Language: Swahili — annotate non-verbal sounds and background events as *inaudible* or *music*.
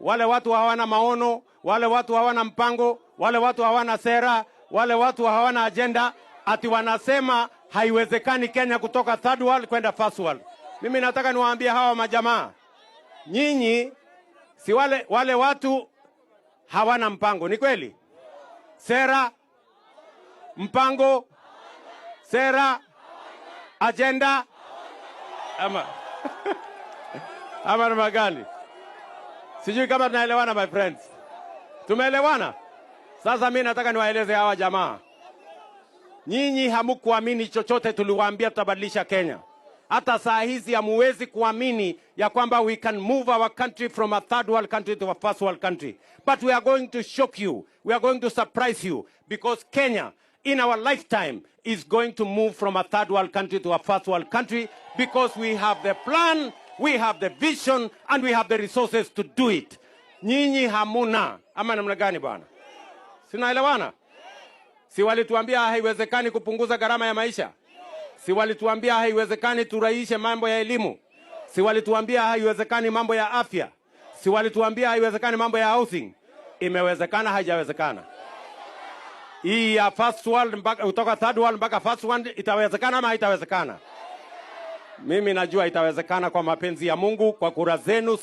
Wale watu hawana maono, wale watu hawana mpango, wale watu hawana sera, wale watu hawana ajenda, ati wanasema haiwezekani Kenya kutoka third world kwenda first world. Mimi nataka niwaambie hawa majamaa, nyinyi si wale, wale watu hawana mpango. Ni kweli, sera, mpango, sera, ajenda ama *laughs* ama namna gani? Sijui kama tunaelewana my friends. Tumeelewana? Sasa mimi nataka niwaeleze hawa jamaa. Nyinyi hamukuamini chochote tuliwaambia tutabadilisha Kenya. Hata saa hizi hamuwezi kuamini ya kwamba we can move our country from a third world country to a first world country. But we are going to shock you. We are going to surprise you because Kenya in our lifetime is going to move from a third world country to a first world country because we have the plan We have the vision and we have the resources to do it. Nyinyi hamuna ama namna gani bwana? Sinaelewana? Si walituambia haiwezekani kupunguza gharama ya maisha? Si walituambia haiwezekani turahishe mambo ya elimu? Si walituambia haiwezekani mambo ya afya? Si walituambia haiwezekani mambo ya housing? Imewezekana, haijawezekana? Hii ya first world mpaka kutoka third world mpaka first world itawezekana ama haitawezekana? Mimi najua itawezekana kwa mapenzi ya Mungu, kwa kura zenu